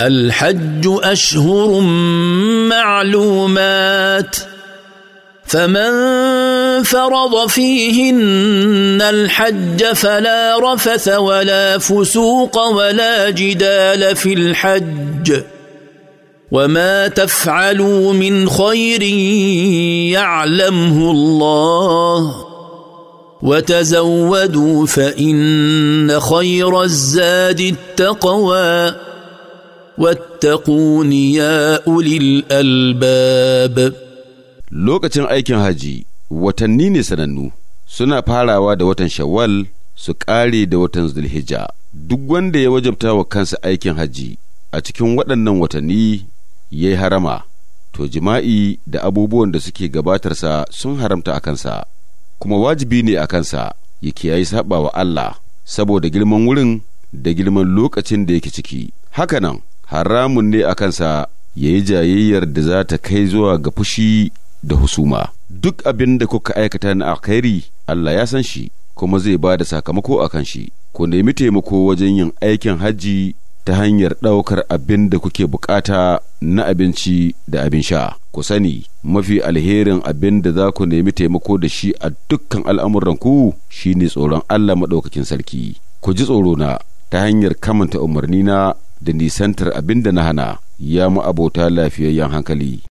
الحج اشهر معلومات فمن فرض فيهن الحج فلا رفث ولا فسوق ولا جدال في الحج وما تفعلوا من خير يعلمه الله وتزودوا فان خير الزاد التقوى واتقون يا أولي الألباب lokacin aikin haji watanni ne sanannu suna farawa da watan shawwal su ƙare da watan zulhijja duk wanda ya wajabta wa kansa aikin haji a cikin waɗannan watanni ya yi harama to jima'i da abubuwan da suke gabatarsa sun haramta a kansa kuma wajibi ne a kansa ya kiyayi saɓa wa Allah saboda girman wurin da girman lokacin da yake ciki hakanan haramun ne a kansa ya yi jayayyar da za ta kai zuwa ga fushi da husuma duk abin da kuka aikata na alkhairi Allah ya san shi kuma zai ba da sakamako a kan shi ku nemi taimako wajen yin aikin hajji ta hanyar ɗaukar abin da kuke bukata na abinci da abin sha ku sani mafi alherin abin da za ku nemi taimako da shi a dukkan al'amuranku shine tsoron Allah maɗaukakin sarki ku ji tsoro na ta hanyar kamanta umarnina da nisantar abin da na hana ya mu abota lafiyayyen hankali.